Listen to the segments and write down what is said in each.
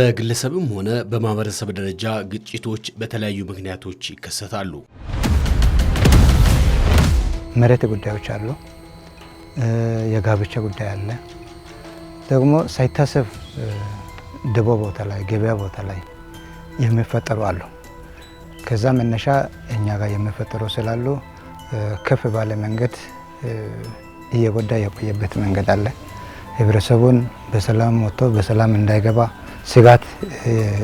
በግለሰብም ሆነ በማህበረሰብ ደረጃ ግጭቶች በተለያዩ ምክንያቶች ይከሰታሉ። መሬት ጉዳዮች አሉ። የጋብቻ ጉዳይ አለ። ደግሞ ሳይታሰብ ድቦ ቦታ ላይ ገበያ ቦታ ላይ የሚፈጠሩ አሉ። ከዛ መነሻ እኛ ጋር የሚፈጠረው ስላሉ ከፍ ባለ መንገድ እየጎዳ የቆየበት መንገድ አለ። ህብረተሰቡን በሰላም ወጥቶ በሰላም እንዳይገባ ስጋት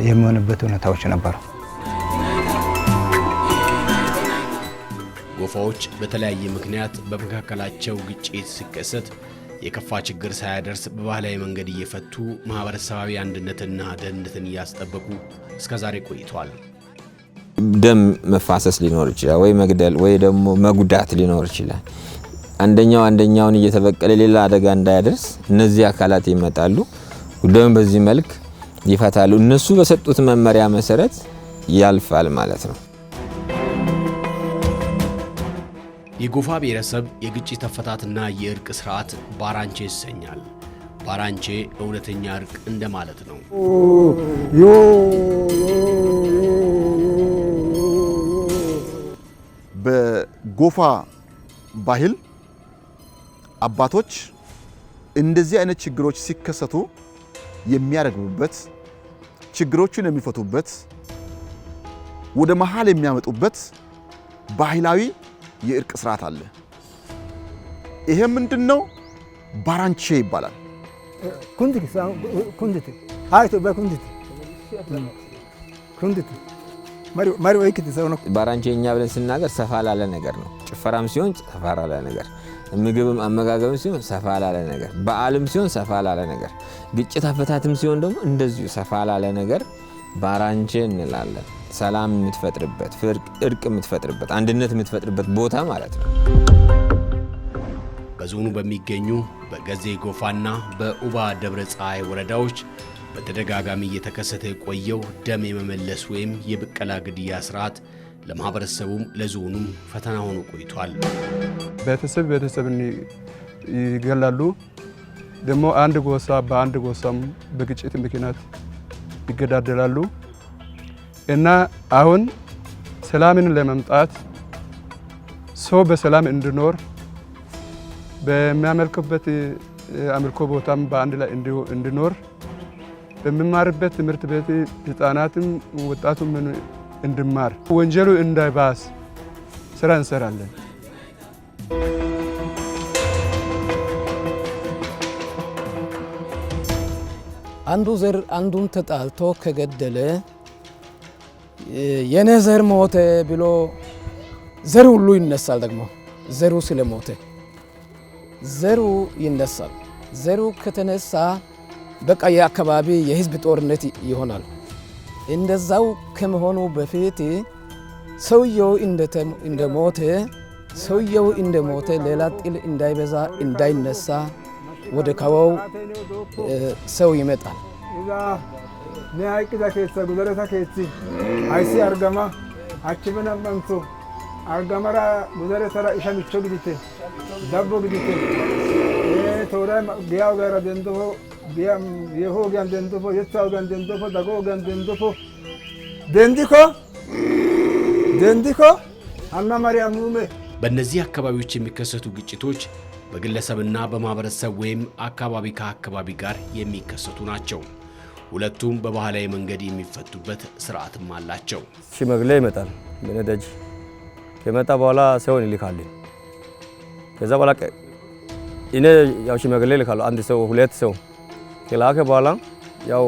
የሚሆንበት ሁኔታዎች ነበሩ። ጎፋዎች በተለያየ ምክንያት በመካከላቸው ግጭት ሲከሰት የከፋ ችግር ሳያደርስ በባህላዊ መንገድ እየፈቱ ማህበረሰባዊ አንድነትና ደህንነትን እያስጠበቁ እስከ ዛሬ ቆይተዋል። ደም መፋሰስ ሊኖር ይችላል፣ ወይ መግደል ወይ ደግሞ መጉዳት ሊኖር ይችላል። አንደኛው አንደኛውን እየተበቀለ ሌላ አደጋ እንዳያደርስ እነዚህ አካላት ይመጣሉ፣ ጉዳዩን በዚህ መልክ ይፈታሉ። እነሱ በሰጡት መመሪያ መሰረት ያልፋል ማለት ነው። የጎፋ ብሔረሰብ የግጭት አፈታትና የእርቅ ስርዓት ባራንቼ ይሰኛል። ባራንቼ እውነተኛ እርቅ እንደማለት ነው። በጎፋ ባህል አባቶች እንደዚህ አይነት ችግሮች ሲከሰቱ የሚያረግቡበት፣ ችግሮቹን የሚፈቱበት፣ ወደ መሃል የሚያመጡበት ባህላዊ የእርቅ ስርዓት አለ። ይሄ ምንድን ነው? ባራንቼ ይባላል። ኩንዲት መሪ ወይ ክትሰው ነው። ባራንቼ እኛ ብለን ስናገር ሰፋ ላለ ነገር ነው። ጭፈራም ሲሆን ሰፋ ላለ ነገር፣ ምግብም አመጋገብም ሲሆን ሰፋ ላለ ነገር፣ በዓልም ሲሆን ሰፋ ላለ ነገር፣ ግጭት አፈታትም ሲሆን ደግሞ እንደዚሁ ሰፋ ላለ ነገር ባራንቼ እንላለን። ሰላም የምትፈጥርበት፣ እርቅ የምትፈጥርበት፣ አንድነት የምትፈጥርበት ቦታ ማለት ነው። በዞኑ በሚገኙ በገዜ ጎፋና በኡባ ደብረ ፀሐይ ወረዳዎች በተደጋጋሚ እየተከሰተ የቆየው ደም የመመለስ ወይም የብቀላ ግድያ ስርዓት ለማህበረሰቡም ለዞኑም ፈተና ሆኖ ቆይቷል። ቤተሰብ ቤተሰብን ይገላሉ። ደግሞ አንድ ጎሳ በአንድ ጎሳም በግጭት ምክንያት ይገዳደላሉ እና አሁን ሰላምን ለመምጣት ሰው በሰላም እንዲኖር በሚያመልክበት አምልኮ ቦታም በአንድ ላይ እንዲኖር በምማርበት ትምህርት ቤት ህፃናትም ወጣቱም እንድማር ወንጀሉ እንዳይባስ ስራ እንሰራለን። አንዱ ዘር አንዱን ተጣልቶ ከገደለ የኔ ዘር ሞተ ብሎ ዘር ሁሉ ይነሳል። ደግሞ ዘሩ ስለሞተ ዘሩ ይነሳል። ዘሩ ከተነሳ በቃ የአካባቢ የህዝብ ጦርነት ይሆናል። እንደዛው ከመሆኑ በፊት ሰውየው እንደሞተ ሰውየው እንደሞተ ሌላ ጥል እንዳይበዛ እንዳይነሳ ወደ ካባው ሰው ይመጣል። ኒያይቅዛ ኬሳ ጉዘረታ ኬሲ አይሲ አርገማ አችብን አምንቶ አርገመራ ጉዘረተራ ኢሻ ሚቾ ግዲቴ ዳቦ ግዲቴ ቶራ ጊያው ጋራ ደንድሆ Yehoogiyan denddofo, yettaagan denddofo, dagoogiyan denddofo. ማርያም በእነዚህ አካባቢዎች የሚከሰቱ ግጭቶች በግለሰብና በማህበረሰብ ወይም አካባቢ ከአካባቢ ጋር የሚከሰቱ ናቸው። ሁለቱም በባህላዊ መንገድ የሚፈቱበት ስርዓትም አላቸው። ሽማግሌ ይመጣል በነዳጅ ከመጣ በኋላ ሰውን ይልካል። ከዛ በኋላ እኔ ያው ሽማግሌ ይልካሉ። አንድ ሰው ሁለት ሰው ከላከ በኋላ ያው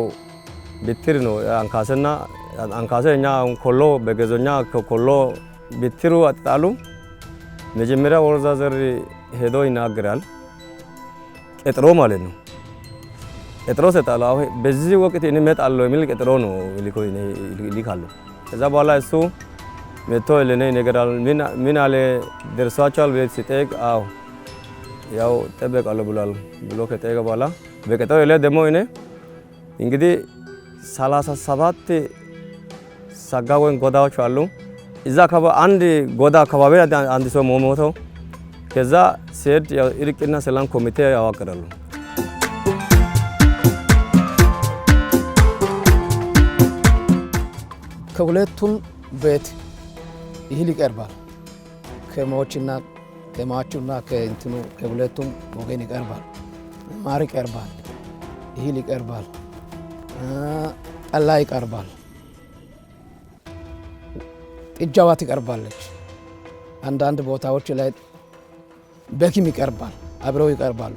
ብትር ነው አንካሰና አንካሰ እኛ ኮሎ በገዞኛ ኮሎ ብትሩ አጥጣሉ መጀመሪያ ወረዛ ዘር ሄዶ ይናገራል። ቀጥሮ ማለት ነው። ቀጥሮ ሰጣለ። በዚህ ወቅት እኔ እመጣለሁ የሚል ቀጥሮ ነው ይልካለሁ። ከዛ በኋላ እሱ መጥቶ ለኔ ይነገራል። ምን አለ ደርሷቸዋል ብለህ ሲጠይቅ አዎ ያው ጠበቃለሁ ብሏል ብሎ ከጠየቀ በኋላ በቀጠው ዕለት ደግሞ እኔ እንግዲህ 37 ሰባት ሰጋ ወይም ጎዳዎች አሉ። እዛ አንድ ጎዳ አካባቢ አንድ ሰው ሞተው ከዛ ሲሄድ እርቅና ሰላም ኮሚቴ ያዋቅራሉ። ከሁለቱም ቤት ይህል ይቀርባል ከሞችና ከማቹና ከእንትኑ ከሁለቱም ወገን ይቀርባል። ማር ይቀርባል፣ እህል ይቀርባል፣ ጠላ ይቀርባል፣ ጥጃዋ ትቀርባለች። አንዳንድ ቦታዎች ላይ በኪም ይቀርባል፣ አብረው ይቀርባሉ።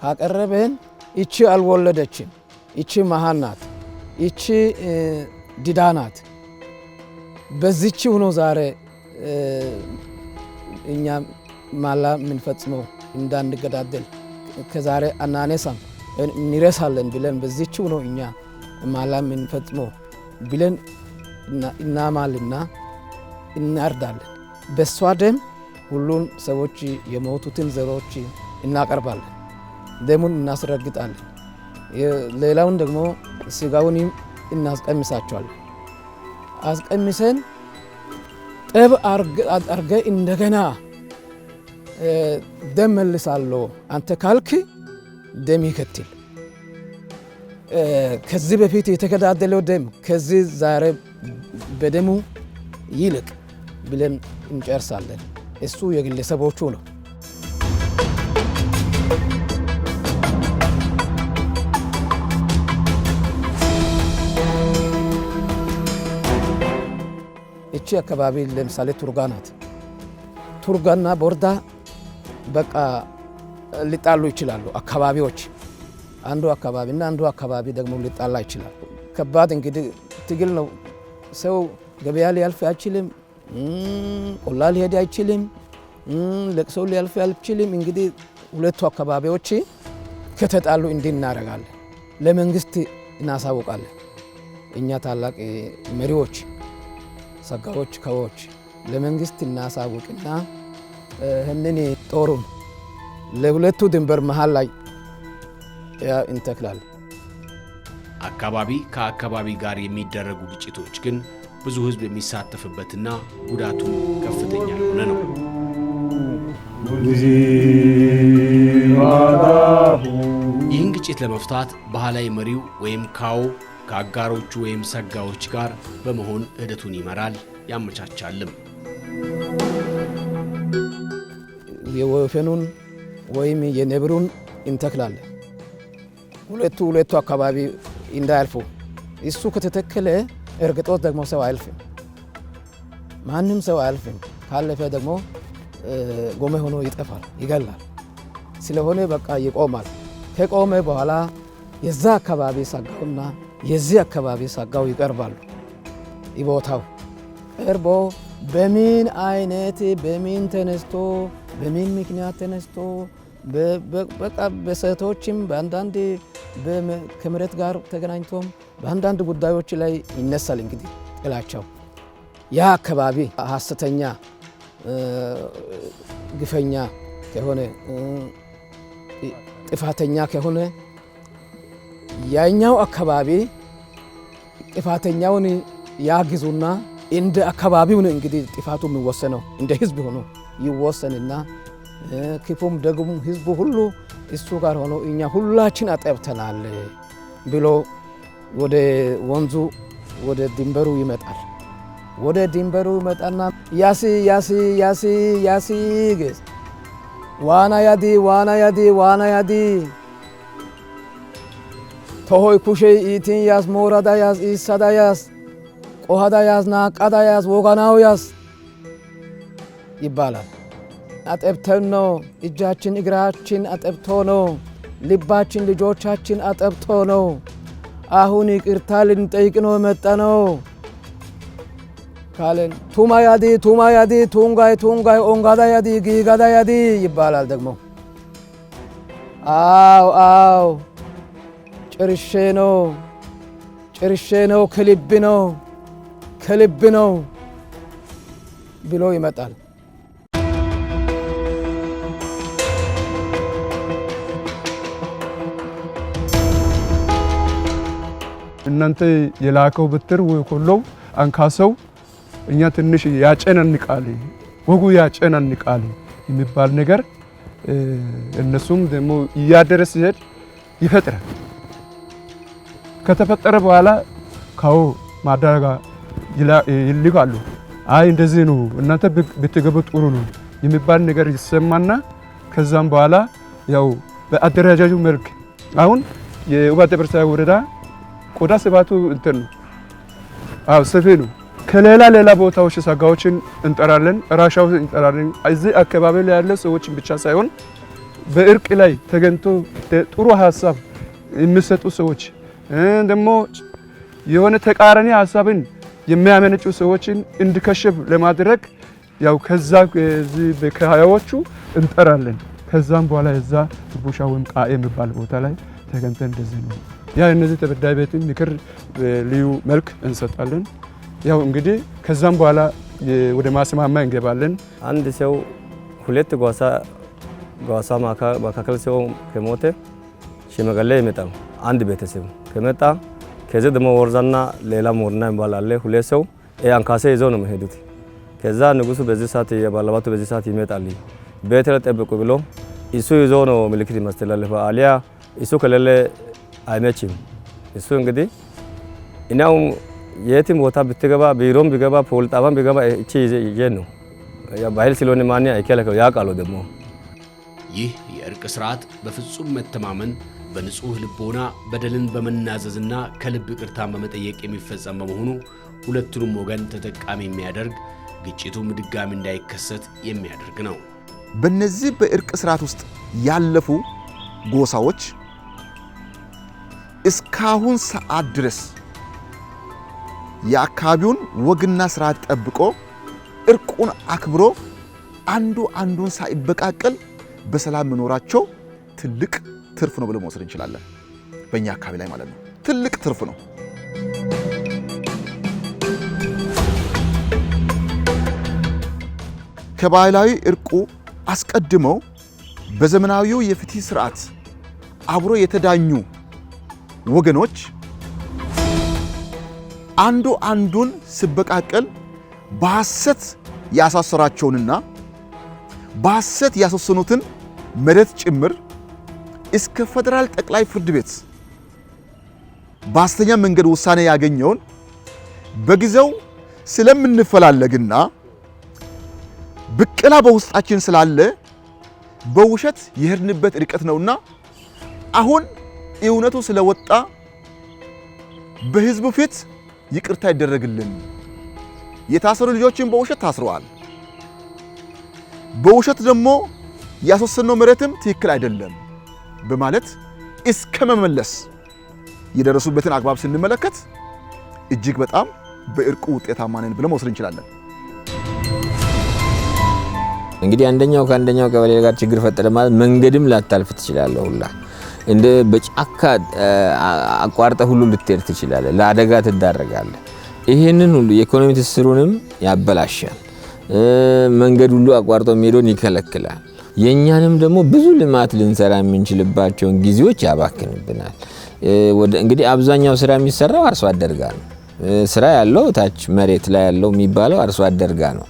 ካቀረበህን ይቺ አልወለደችም፣ ይቺ መሃን ናት፣ ይቺ ዲዳ ናት። በዚች ሁኖ ዛሬ እኛም ማላ የምንፈጽመው እንዳንገዳደል ከዛሬ አናነሳም እንረሳለን ብለን በዚችው ነው እኛ ማላ የምንፈጽመው ብለን እናማልና እናርዳለን። በእሷ ደም ሁሉን ሰዎች የሞቱትን ዘሮች እናቀርባለን፣ ደሙን እናስረግጣለን። ሌላውን ደግሞ ስጋውንም እናስቀምሳቸዋለን። አስቀምሰን ጠብ አርገ እንደገና ደም መልሳለሁ አንተ ካልክ ደም ይከትል። ከዚህ በፊት የተገዳደለው ደም ከዚህ ዛሬ በደሙ ይልቅ ብለን እንጨርሳለን። እሱ የግለሰቦቹ ነው። እቺ አካባቢ ለምሳሌ ቱርጋ ናት። ቱርጋና ቦርዳ በቃ ሊጣሉ ይችላሉ አካባቢዎች አንዱ አካባቢ እና አንዱ አካባቢ ደግሞ ሊጣላ ይችላል። ከባድ እንግዲህ ትግል ነው። ሰው ገበያ ሊያልፍ አይችልም፣ ቆላ ሊሄድ አይችልም፣ ለቅሶ ሊያልፍ አይችልም። እንግዲህ ሁለቱ አካባቢዎች ከተጣሉ እንዲህ እናደርጋለን፣ ለመንግስት እናሳውቃለን። እኛ ታላቅ መሪዎች፣ ሰጋዎች፣ ከዎች ለመንግስት እናሳውቅና ህንን ጦሩን ለሁለቱ ድንበር መሃል ላይ እንተክላል። አካባቢ ከአካባቢ ጋር የሚደረጉ ግጭቶች ግን ብዙ ህዝብ የሚሳተፍበትና ጉዳቱ ከፍተኛ የሆነ ነው። ይህን ግጭት ለመፍታት ባህላዊ መሪው ወይም ካዎ ከአጋሮቹ ወይም ሰጋዎች ጋር በመሆን ሂደቱን ይመራል ያመቻቻልም። የወፈኑን ወይም የነብሩን እንተክላለን። ሁለቱ ሁለቱ አካባቢ እንዳያልፉ እሱ ከተተከለ እርግጦት ደግሞ ሰው አያልፍም፣ ማንም ሰው አያልፍም። ካለፈ ደግሞ ጎመ ሆኖ ይጠፋል፣ ይገላል። ስለሆነ በቃ ይቆማል። ከቆመ በኋላ የዛ አካባቢ ሳጋውና የዚህ አካባቢ ሳጋው ይቀርባሉ። ይቦታው ቀርቦ በምን አይነት በምን ተነስቶ በምን ምክንያት ተነስቶ በቃ በሰቶችም በአንዳንድ ከምረት ጋር ተገናኝቶም በአንዳንድ ጉዳዮች ላይ ይነሳል። እንግዲህ ጥላቸው ያ አካባቢ ሀሰተኛ ግፈኛ ከሆነ ጥፋተኛ ከሆነ ያኛው አካባቢ ጥፋተኛውን ያግዙና እንደ አካባቢው ነው እንግዲህ ጥፋቱ የሚወሰነው እንደ ህዝብ ሆኖ ይወሰንና ክፉም ደግሞ ህዝቡ ሁሉ እሱ ጋር ሆኖ እኛ ሁላችን አጠብተናል ብሎ ወደ ወንዙ ወደ ድንበሩ ይመጣል። ወደ ድንበሩ ይመጣና ያሲ ያሲ ያሲ ያሲ ጌዝ ዋና ያዲ ዋና ያዲ ዋና ያዲ ተሆይ ኩሼ ኢቲን ያስ ሞራዳ ያስ ኢሳዳ ያስ ቆሃዳ ያስ ናቃዳ ያስ ወጋናው ያስ ይባላል። አጠብተን ነው እጃችን እግራችን አጠብቶ ነው ልባችን ልጆቻችን አጠብቶ ነው። አሁን ይቅርታ ልንጠይቅ ነው የመጣ ነው ካለን ቱማ ያዲ ቱማ ያዲ ቱንጋይ ቱንጋይ ኦንጋዳ ያዲ ጊጋዳ ያዲ ይባላል ደግሞ አው አው ጭርሼ ነው ጭርሼ ነው ከልብ ነው ከልብ ነው ብሎ ይመጣል። እናንተ የላከው ብትር ሁሉም አንካሰው እኛ ትንሽ ያጨናንቃል፣ ወጉ ያጨናንቃል የሚባል ነገር እነሱም ደግሞ እያደረ ሲሄድ ይፈጥራል። ከተፈጠረ በኋላ ካዎ ማዳጋ ይልካሉ። አይ እንደዚህ ነው እናንተ ብትገቡ ጥሩ ነው የሚባል ነገር ይሰማና ከዛም በኋላ ያው በአደረጃጁ መልክ አሁን የኡባ ደብረ ወረዳ ቆዳ ስፋቱ እንትን ነው። አዎ ሰፊ ነው። ከሌላ ሌላ ቦታዎች ሰጋዎችን እንጠራለን፣ ራሻው እንጠራለን። እዚህ አካባቢ ላይ ያለ ሰዎችን ብቻ ሳይሆን በእርቅ ላይ ተገኝቶ ጥሩ ሀሳብ የሚሰጡ ሰዎች ደግሞ የሆነ ተቃራኒ ሀሳብን የሚያመነጩ ሰዎችን እንዲከሸፍ ለማድረግ ያው ከዛ ከሀያዎቹ እንጠራለን። ከዛም በኋላ የዛ ቡሻ ወይም ቃ የሚባል ቦታ ላይ ተገንተን እንደዚህ ነው ያ እነዚህ ተበዳይ ቤት ምክር ልዩ መልክ እንሰጣለን። ያው እንግዲህ ከዛም በኋላ ወደ ማስማማ እንገባለን። አንድ ሰው ሁለት ጓሳ ጓሳ መካከል ሰው ከሞተ ሽመገለ ይመጣል። አንድ ቤተሰብ ከመጣ ከዚህ ደሞ ወርዛና ሌላ ሞርና ይባላል። ሁለት ሰው አንካሴ ይዘው ነው መሄዱት። ከዛ ንጉሱ በዚህ ሰዓት የባለባቱ በዚህ ሰዓት ይመጣል ቤት ለጠብቁ ብሎ እሱ ይዞ ነው ምልክት ይመስተላለፈ። አሊያ እሱ ከሌለ አይመችም። እሱ እንግዲህ እናው የትም ቦታ ብትገባ ቢሮም ቢገባ ፖል ቢገባ እቺ ይዤን ነው ባህል ስለሆነ ማን አይከለከው ያውቃሉ። ደግሞ ይህ የእርቅ ስርዓት በፍጹም መተማመን በንጹህ ልቦና በደልን በመናዘዝና ከልብ ቅርታን በመጠየቅ የሚፈጸም በመሆኑ ሁለቱንም ወገን ተጠቃሚ የሚያደርግ ግጭቱም ድጋሚ እንዳይከሰት የሚያደርግ ነው። በነዚህ በእርቅ ስርዓት ውስጥ ያለፉ ጎሳዎች እስካሁን ሰዓት ድረስ የአካባቢውን ወግና ስርዓት ጠብቆ እርቁን አክብሮ አንዱ አንዱን ሳይበቃቀል በሰላም መኖራቸው ትልቅ ትርፍ ነው ብሎ መውሰድ እንችላለን። በእኛ አካባቢ ላይ ማለት ነው። ትልቅ ትርፍ ነው። ከባህላዊ እርቁ አስቀድመው በዘመናዊው የፍትህ ስርዓት አብሮ የተዳኙ ወገኖች አንዱ አንዱን ስበቃቀል በሐሰት ያሳሰራቸውንና በሐሰት ያስወሰኑትን መሬት ጭምር እስከ ፌዴራል ጠቅላይ ፍርድ ቤት በሐሰተኛ መንገድ ውሳኔ ያገኘውን በጊዜው ስለምንፈላለግና ብቅላ በውስጣችን ስላለ በውሸት የሄድንበት ርቀት ነውና አሁን እውነቱ ስለወጣ በህዝቡ ፊት ይቅርታ ይደረግልን። የታሰሩ ልጆችን በውሸት ታስረዋል። በውሸት ደግሞ ያስወሰነው መሬትም ትክክል አይደለም በማለት እስከ መመለስ የደረሱበትን አግባብ ስንመለከት እጅግ በጣም በእርቁ ውጤታማ ነን ብለን መውሰድ እንችላለን። እንግዲህ አንደኛው ከአንደኛው ቀበሌ ጋር ችግር ፈጠረ ማለት መንገድም ላታልፍ ትችላለህ ሁላ እንደ በጫካ አቋርጠ ሁሉ ልትሄድ ትችላለ ለአደጋ ትዳረጋለህ። ይህንን ሁሉ የኢኮኖሚ ትስስሩንም ያበላሻል። መንገድ ሁሉ አቋርጦ የሚሄደውን ይከለክላል። የእኛንም ደግሞ ብዙ ልማት ልንሰራ የምንችልባቸውን ጊዜዎች ያባክንብናል። እንግዲህ አብዛኛው ስራ የሚሰራው አርሶ አደርጋ ነው። ስራ ያለው ታች መሬት ላይ ያለው የሚባለው አርሶ አደርጋ ነው።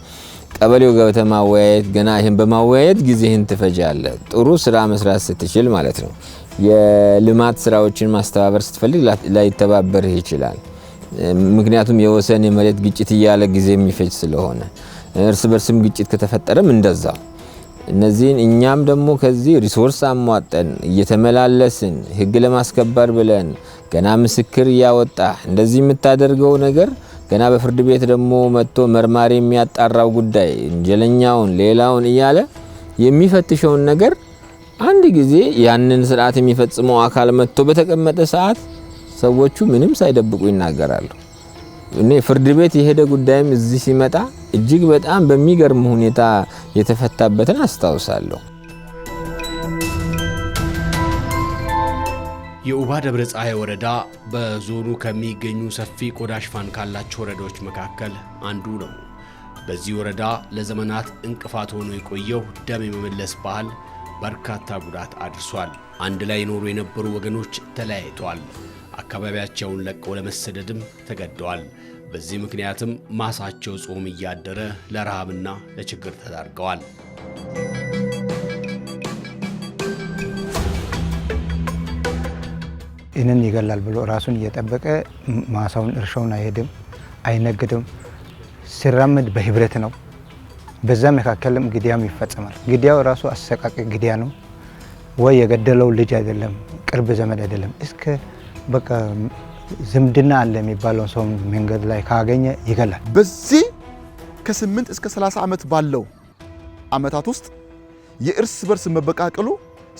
ቀበሌው ገብተ ማወያየት ገና ይህን በማወያየት ጊዜህን ትፈጃለ። ጥሩ ስራ መስራት ስትችል ማለት ነው። የልማት ስራዎችን ማስተባበር ስትፈልግ ላይተባበርህ ይችላል። ምክንያቱም የወሰን የመሬት ግጭት እያለ ጊዜ የሚፈጅ ስለሆነ እርስ በርስም ግጭት ከተፈጠረም እንደዛው። እነዚህን እኛም ደግሞ ከዚህ ሪሶርስ አሟጠን እየተመላለስን ህግ ለማስከበር ብለን ገና ምስክር እያወጣ እንደዚህ የምታደርገው ነገር ገና በፍርድ ቤት ደግሞ መጥቶ መርማሪ የሚያጣራው ጉዳይ ወንጀለኛውን ሌላውን እያለ የሚፈትሸውን ነገር አንድ ጊዜ ያንን ስርዓት የሚፈጽመው አካል መጥቶ በተቀመጠ ሰዓት ሰዎቹ ምንም ሳይደብቁ ይናገራሉ። እኔ ፍርድ ቤት የሄደ ጉዳይም እዚህ ሲመጣ እጅግ በጣም በሚገርም ሁኔታ የተፈታበትን አስታውሳለሁ። የኡባ ደብረ ፀሐይ ወረዳ በዞኑ ከሚገኙ ሰፊ ቆዳ ሽፋን ካላቸው ወረዳዎች መካከል አንዱ ነው። በዚህ ወረዳ ለዘመናት እንቅፋት ሆኖ የቆየው ደም የመመለስ ባህል በርካታ ጉዳት አድርሷል። አንድ ላይ ይኖሩ የነበሩ ወገኖች ተለያይተዋል። አካባቢያቸውን ለቀው ለመሰደድም ተገደዋል። በዚህ ምክንያትም ማሳቸው ጾም እያደረ ለረሃብና ለችግር ተዳርገዋል። ይህንን ይገላል ብሎ ራሱን እየጠበቀ ማሳውን እርሻውን አይሄድም፣ አይነግድም። ሲራመድ በህብረት ነው። በዛ መካከልም ግድያም ይፈጸማል። ግድያው ራሱ አሰቃቂ ግድያ ነው። ወይ የገደለው ልጅ አይደለም፣ ቅርብ ዘመድ አይደለም፣ እስከ በቃ ዝምድና አለ የሚባለውን ሰው መንገድ ላይ ካገኘ ይገላል። በዚህ ከ8 እስከ 30 ዓመት ባለው ዓመታት ውስጥ የእርስ በርስ መበቃቀሉ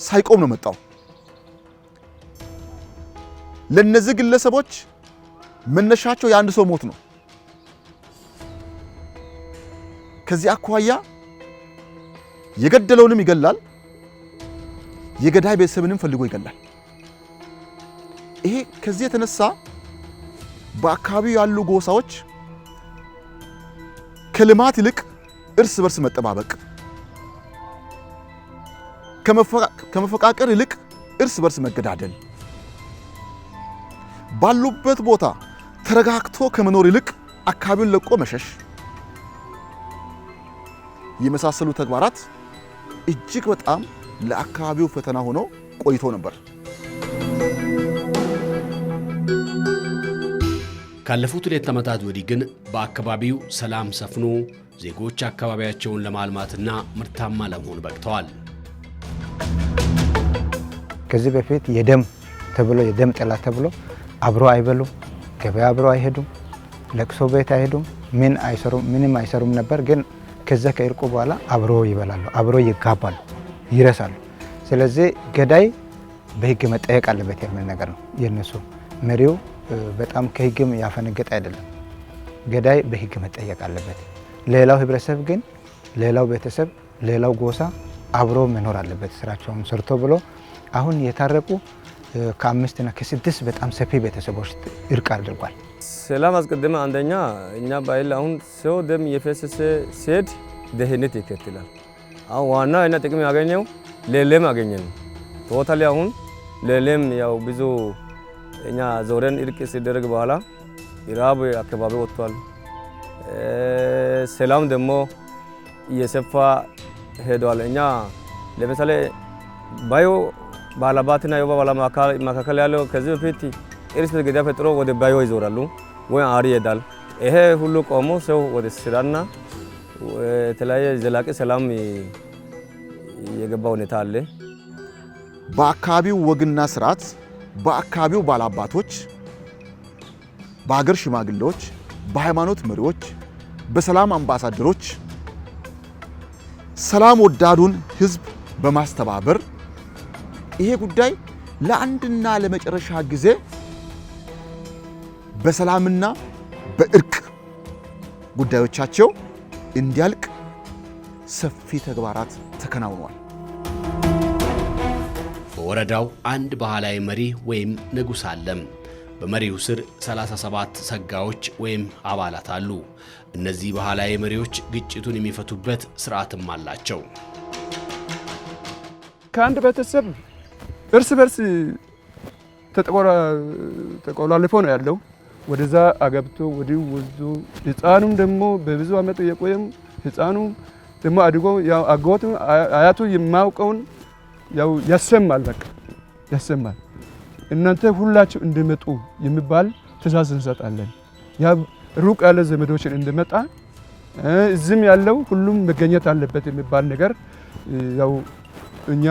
ሳይቆም ነው መጣው። ለእነዚህ ግለሰቦች መነሻቸው የአንድ ሰው ሞት ነው። ከዚህ አኳያ የገደለውንም ይገላል፣ የገዳይ ቤተሰብንም ፈልጎ ይገላል። ይሄ ከዚህ የተነሳ በአካባቢው ያሉ ጎሳዎች ከልማት ይልቅ እርስ በርስ መጠባበቅ፣ ከመፈቃቀር ይልቅ እርስ በርስ መገዳደል፣ ባሉበት ቦታ ተረጋግቶ ከመኖር ይልቅ አካባቢውን ለቆ መሸሽ የመሳሰሉ ተግባራት እጅግ በጣም ለአካባቢው ፈተና ሆኖ ቆይቶ ነበር። ካለፉት ሁለት ዓመታት ወዲህ ግን በአካባቢው ሰላም ሰፍኖ ዜጎች አካባቢያቸውን ለማልማትና ምርታማ ለመሆን በቅተዋል። ከዚህ በፊት የደም ተብሎ የደም ጠላት ተብሎ አብሮ አይበሉም፣ ገበያ አብሮ አይሄዱም፣ ለቅሶ ቤት አይሄዱም፣ ምን አይሰሩም፣ ምንም አይሰሩም ነበር ግን ከዛ ከእርቁ በኋላ አብሮ ይበላሉ፣ አብሮ ይጋባሉ፣ ይረሳሉ። ስለዚህ ገዳይ በህግ መጠየቅ አለበት የሚል ነገር ነው የነሱ መሪው። በጣም ከህግም ያፈነገጠ አይደለም። ገዳይ በህግ መጠየቅ አለበት። ሌላው ህብረተሰብ ግን ሌላው ቤተሰብ ሌላው ጎሳ አብሮ መኖር አለበት ስራቸውን ሰርቶ ብሎ አሁን የታረቁ ከአምስትና ከስድስት በጣም ሰፊ ቤተሰቦች እርቅ አድርጓል። ሰላም አስቀድመ አንደኛ እኛ ባህል አሁን ሰው ደም የፈሰሰ ሴት ደህንነት ይከትላል። አሁን ዋና እና ጥቅም ያገኘው ለለም አገኘ ቶታሊ አሁን ለለም ያው ብዙ እኛ ዞረን እርቅ ሲደረግ በኋላ ይራብ አካባቢ ወጥቷል። ሰላም ደግሞ እየሰፋ ሄዷል። እኛ ለምሳሌ ባዮ ባላባትና ዮባ ባላ መካከል ያለው ከዚህ በፊት እርስ ገዳ ፈጥሮ ወደ ባዮ ይዞራሉ ወይ አሪ ይሄዳል። ይሄ ሁሉ ቆሞ ሰው ወደ ስራና የተለያየ ዘላቂ ሰላም የገባ ሁኔታ አለ። በአካባቢው ወግና ስርዓት በአካባቢው ባላባቶች፣ በሀገር ሽማግሌዎች፣ በሃይማኖት መሪዎች፣ በሰላም አምባሳደሮች ሰላም ወዳዱን ህዝብ በማስተባበር ይሄ ጉዳይ ለአንድና ለመጨረሻ ጊዜ በሰላምና በእርቅ ጉዳዮቻቸው እንዲያልቅ ሰፊ ተግባራት ተከናውኗል። በወረዳው አንድ ባህላዊ መሪ ወይም ንጉሥ አለም። በመሪው ስር 37 ሰጋዎች ወይም አባላት አሉ። እነዚህ ባህላዊ መሪዎች ግጭቱን የሚፈቱበት ስርዓትም አላቸው። ከአንድ ቤተሰብ እርስ በርስ ተቆላልፎ ነው ያለው። ወደዛ አገብቶ ወዲህ ወዝዶ ህፃኑም ደግሞ በብዙ አመት የቆየም ህፃኑ ደግሞ አድጎ አጎቱ አያቱ የማውቀውን ያው ያሰማል፣ በቃ ያሰማል። እናንተ ሁላችሁ እንድመጡ የሚባል ትእዛዝ እንሰጣለን። ያ ሩቅ ያለ ዘመዶችን እንድመጣ እዚህም ያለው ሁሉም መገኘት አለበት የሚባል ነገር ያው እኛ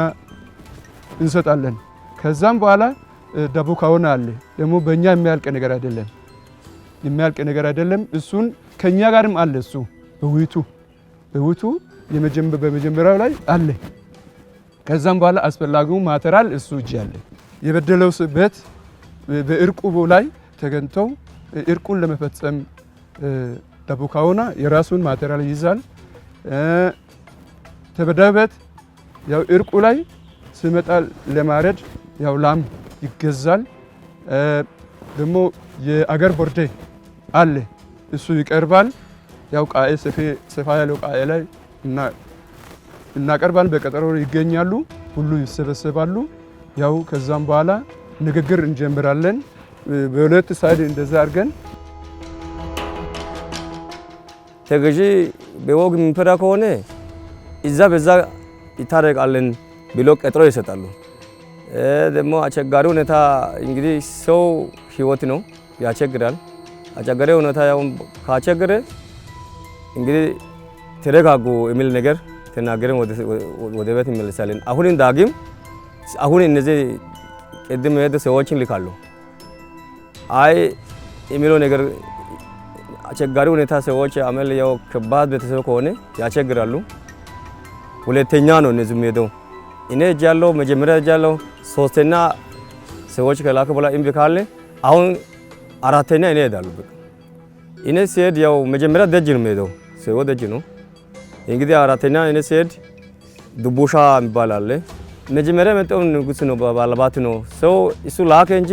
እንሰጣለን። ከዛም በኋላ ዳቦ ካሆነ አለ ደግሞ በእኛ የሚያልቅ ነገር አይደለም። የሚያልቅ ነገር አይደለም። እሱን ከእኛ ጋርም አለ። እሱ በውይቱ በውይቱ በመጀመሪያው ላይ አለ። ከዛም በኋላ አስፈላጊው ማተራል እሱ እጅ አለ። የበደለው ስበት በእርቁ ላይ ተገንተው እርቁን ለመፈጸም ለቡካውና የራሱን ማቴሪያል ይይዛል። ተበዳበት ያው እርቁ ላይ ሲመጣ ለማረድ ያው ላም ይገዛል። ደግሞ የአገር ቦርዴ አለ እሱ ይቀርባል። ያው ቃኤ ሰፋ ያለው ቃኤ ላይ እናቀርባል። በቀጠሮ ይገኛሉ፣ ሁሉ ይሰበሰባሉ። ያው ከዛም በኋላ ንግግር እንጀምራለን። በሁለት ሳይድ እንደዛ አድርገን ተገዢ በወግ የሚፈራ ከሆነ እዛ በዛ ይታረቃለን ብሎ ቀጥሮ ይሰጣሉ። ደግሞ አስቸጋሪ ሁኔታ እንግዲህ ሰው ህይወት ነው ያስቸግራል። አስቸጋሪ ሁኔታ ያው ካስቸገረ እንግዲህ ተረጋጉ የሚል ነገር ተናገረን ወደ ቤት እንመለሳለን። አሁን ዳግም አሁን እነዚህ ቅድም ሄደ ሰዎችን ልካሉ። አይ የሚለው ነገር አስቸጋሪ ሁኔታ ሰዎች አመል ያው ከባድ ቤተሰብ ከሆነ ያቸግራሉ ሁለተኛ ነው እነዚህ ሄደው እኔ እጃለሁ መጀመሪያ እጅ እጃለሁ ሶስተኛ ሰዎች ከላከ በኋላ እምቢ ካለ አሁን አራተኛ እኔ እሄዳለሁ። በቃ እኔ ሲሄድ ያው መጀመሪያ ደጅ ነው የምሄደው፣ ሰው ደጅ ነው እንግዲህ። አራተኛ እኔ ሲሄድ ድቡሻ የሚባል አለ። መጀመሪያ መጣው ንጉስ ነው ባለባት ነው ሰው እሱ ላከ እንጂ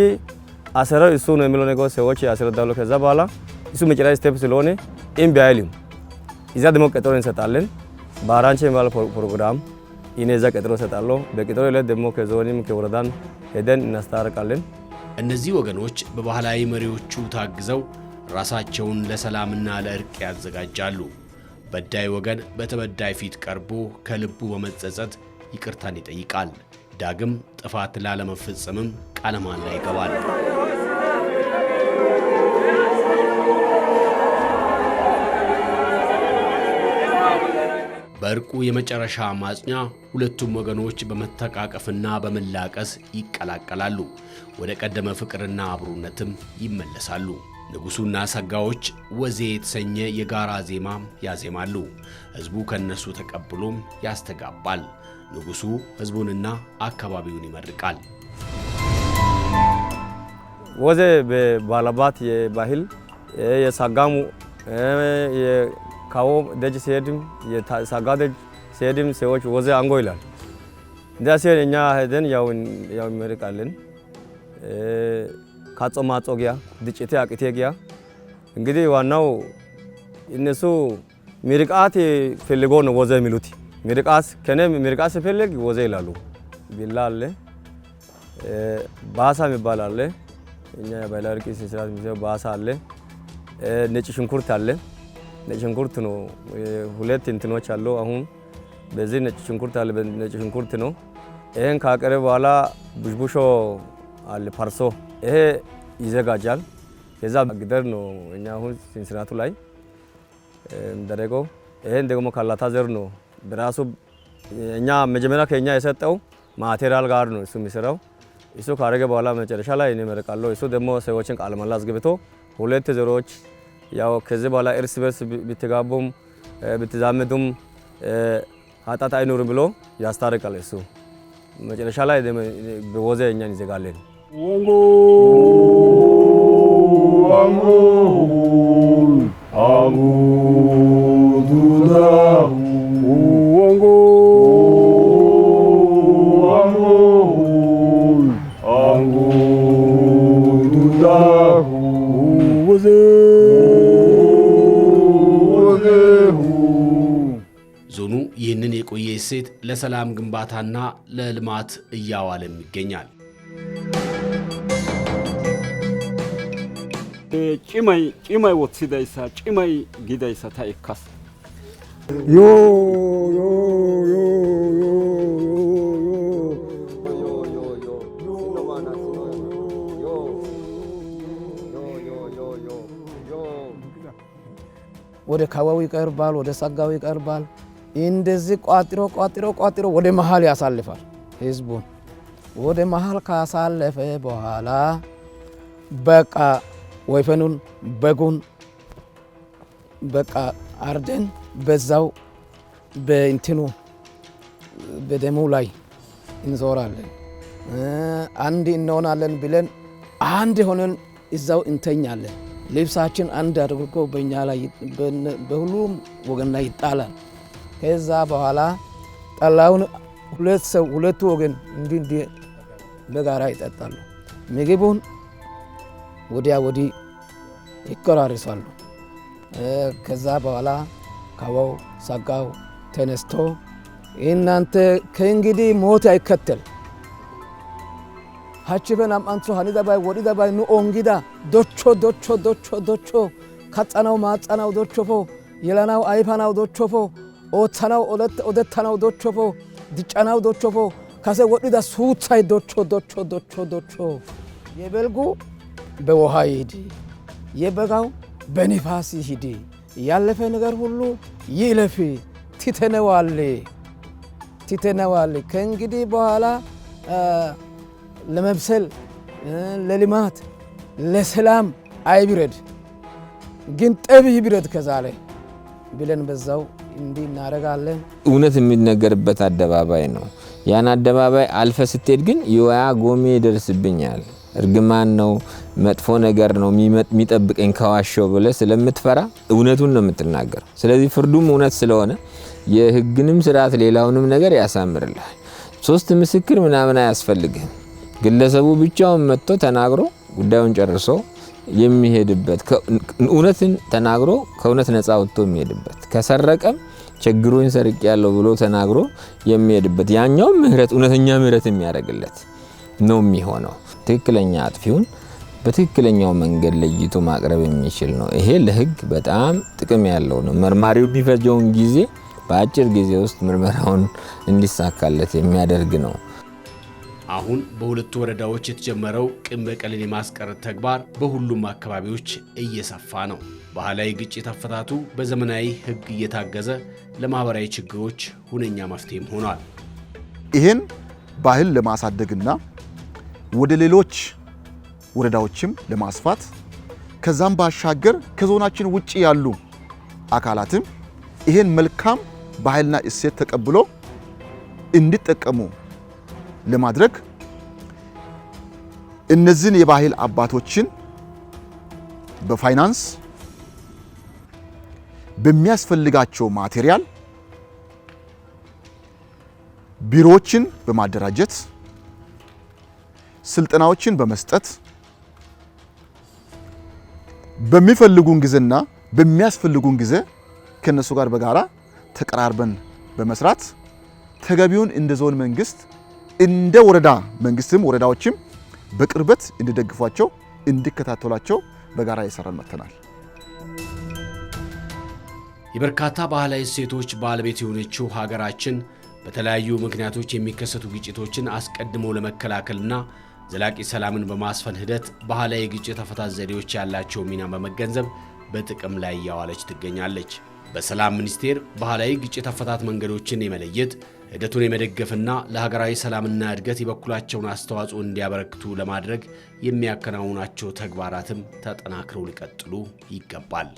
አሰራር እሱ ነው የሚለው ነገር ሰዎች ያስረዳሉ። ከዛ በኋላ እሱ መጨረሻ ስቴፕ ስለሆነ እምቢ አይልም። እዛ ደግሞ ቀጠሮ እንሰጣለን። በአራንቼ የሚባለው ፕሮግራም እኔ እዛ ቀጠሮ እሰጣለሁ። በቀጠሮ ዕለት ደግሞ ከዞንም ከወረዳን ሄደን እናስታርቃለን። እነዚህ ወገኖች በባህላዊ መሪዎቹ ታግዘው ራሳቸውን ለሰላምና ለእርቅ ያዘጋጃሉ። በዳይ ወገን በተበዳይ ፊት ቀርቦ ከልቡ በመጸጸት ይቅርታን ይጠይቃል። ዳግም ጥፋት ላለመፈጸምም ቃለ መሃላ ይገባል። በእርቁ የመጨረሻ ማጽኛ ሁለቱም ወገኖች በመተቃቀፍና በመላቀስ ይቀላቀላሉ፣ ወደ ቀደመ ፍቅርና አብሮነትም ይመለሳሉ። ንጉሡና ሰጋዎች ወዜ የተሰኘ የጋራ ዜማ ያዜማሉ። ሕዝቡ ከእነሱ ተቀብሎም ያስተጋባል። ንጉሡ ሕዝቡንና አካባቢውን ይመርቃል። ወዜ በባላባት የባህል የሳጋሙ ካቦ ደጅ ሲሄድም ሳጋ ደጅ ሲሄድም ሰዎች ወዘ አንጎ ይላል። እንዲያ ሲሄድ እኛ ሄደን ያው እንመርቃለን። ካጾማጾ ጊያ ድጭቴ አቅቴ ጊያ እንግዲህ ዋናው እነሱ ምርቃት ፈልጎ ነው ወዘ የሚሉት። ምርቃት ከነ ምርቃት ሲፈልግ ወዘ ይላሉ። ቢላ አለ፣ ባሳ የሚባል እኛ የባህላዊ እርቅ ስርዓት ባሳ አለ፣ ነጭ ሽንኩርት አለ። ነጭ ሽንኩርት ነው። ሁለት እንትኖች አለው። አሁን በዚህ ነጭ ሽንኩርት አለ፣ ነጭ ሽንኩርት ነው። ይሄን ካቀረ በኋላ ቡሽቡሾ አለ፣ ፓርሶ ይሄ ይዘጋጃል። ከዛ ግደር ነው እኛ አሁን ሲንስናቱ ላይ የሚደረገው። ይሄን ደግሞ ካላታ ዘር ነው በራሱ እኛ መጀመሪያ ከኛ የሰጠው ማቴሪያል ጋር ነው እሱ የሚሰራው። እሱ ካረገ በኋላ መጨረሻ ላይ እኔ መረቃለሁ። እሱ ደግሞ ሰዎችን ቃል መላስ ገብቶ ሁለት ዘሮች ያው ከዚህ በኋላ እርስ በርስ ብትጋቡም ብትዛመዱም ኃጢአት አይኖርም ብሎ ያስታርቃል። እሱ መጨረሻ ላይ ወዘ እኛን ይዘጋለን። ልማት እያዋለም ይገኛል። ጭማይ ጭማይ ወትሲዳይሳ ጭማይ ጊዳይሳ ታይካስ ዮ ዮ ዮ ዮ ወደ ካዋው ይቀርባል፣ ወደ ሰጋው ይቀርባል። እንደዚህ ቋጥሮ ቋጥሮ ቋጥሮ ወደ መሀል ያሳልፋል። ህዝቡን ወደ መሀል ካሳለፈ በኋላ በቃ ወይፈኑን በጉን በቃ አርደን በዛው በእንትኑ በደሙ ላይ እንዞራለን፣ አንድ እንሆናለን ብለን አንድ ሆነን እዛው እንተኛለን። ልብሳችን አንድ አድርጎ በእኛ ላይ በሁሉም ወገን ላይ ይጣላል። ከዛ በኋላ ጠላውን ሁለት ሰው ሁለቱ ወገን እንዲ እንዲ በጋራ ይጠጣሉ። ምግቡን ወዲያ ወዲህ ይቆራርሳሉ። ከዛ በኋላ ካባው ሳጋው ተነስቶ እናንተ ከእንግዲህ ሞት አይከተል ሀችበን አምአንሶ ሀኒዳባይ ወዲዳባይ ኑ ኦንጊዳ ዶቾ ዶቾ ዶቾ ዶቾ ካጻናው ማጻናው ዶቾፎ የላናው አይፋናው ዶቾፎ ኦታናው ኦደታናው ዶቾፎ ድጫናው ዶቾፎ ከሰ ወዲዳ ሱታይ ዶቾ ዶቾ ዶቾ ዶቾ የበልጉ በውሃ ይሂድ የበጋው በንፋስ ይሂድ ያለፈ ነገር ሁሉ ይለፍ። ትተነዋል ትተነዋል። ከእንግዲህ በኋላ ለመብሰል ለልማት ለሰላም አይብረድ፣ ግን ጠብ ይብረድ ከዛለ ብለን በዛው እንዲህ እናደርጋለን። እውነት የሚነገርበት አደባባይ ነው። ያን አደባባይ አልፈ ስትሄድ ግን ይወያ ጎሜ ይደርስብኛል፣ እርግማን ነው፣ መጥፎ ነገር ነው የሚጠብቀኝ ከዋሸው ብለ ስለምትፈራ እውነቱን ነው የምትናገር። ስለዚህ ፍርዱም እውነት ስለሆነ የህግንም ስርዓት ሌላውንም ነገር ያሳምርልሃል። ሶስት ምስክር ምናምን አያስፈልግህም። ግለሰቡ ብቻውን መጥቶ ተናግሮ ጉዳዩን ጨርሶ የሚሄድበት እውነትን ተናግሮ ከእውነት ነፃ ወጥቶ የሚሄድበት ከሰረቀም ችግሩን ሰርቅ ያለው ብሎ ተናግሮ የሚሄድበት ያኛው ምህረት እውነተኛ ምህረት የሚያደርግለት ነው የሚሆነው። ትክክለኛ አጥፊውን በትክክለኛው መንገድ ለይቶ ማቅረብ የሚችል ነው። ይሄ ለህግ በጣም ጥቅም ያለው ነው። መርማሪው የሚፈጀውን ጊዜ በአጭር ጊዜ ውስጥ ምርመራውን እንዲሳካለት የሚያደርግ ነው። አሁን በሁለቱ ወረዳዎች የተጀመረው ቂም በቀልን የማስቀረት ተግባር በሁሉም አካባቢዎች እየሰፋ ነው። ባህላዊ ግጭት አፈታቱ በዘመናዊ ህግ እየታገዘ ለማህበራዊ ችግሮች ሁነኛ መፍትሄም ሆኗል። ይህን ባህል ለማሳደግና ወደ ሌሎች ወረዳዎችም ለማስፋት ከዛም ባሻገር ከዞናችን ውጭ ያሉ አካላትም ይህን መልካም ባህልና እሴት ተቀብሎ እንዲጠቀሙ ለማድረግ እነዚህን የባህል አባቶችን በፋይናንስ በሚያስፈልጋቸው ማቴሪያል ቢሮዎችን በማደራጀት ስልጠናዎችን በመስጠት በሚፈልጉን ጊዜና በሚያስፈልጉን ጊዜ ከነሱ ጋር በጋራ ተቀራርበን በመስራት ተገቢውን እንደ ዞን መንግስት እንደ ወረዳ መንግስትም ወረዳዎችም በቅርበት እንዲደግፏቸው እንዲከታተሏቸው በጋራ የሰራን መጥተናል። የበርካታ ባህላዊ እሴቶች ባለቤት የሆነችው ሀገራችን በተለያዩ ምክንያቶች የሚከሰቱ ግጭቶችን አስቀድሞ ለመከላከልና ዘላቂ ሰላምን በማስፈን ሂደት ባህላዊ የግጭት አፈታት ዘዴዎች ያላቸው ሚና በመገንዘብ በጥቅም ላይ እያዋለች ትገኛለች። በሰላም ሚኒስቴር ባህላዊ ግጭት አፈታት መንገዶችን የመለየት ሂደቱን የመደገፍና ለሀገራዊ ሰላምና እድገት የበኩላቸውን አስተዋጽኦ እንዲያበረክቱ ለማድረግ የሚያከናውናቸው ተግባራትም ተጠናክረው ሊቀጥሉ ይገባል።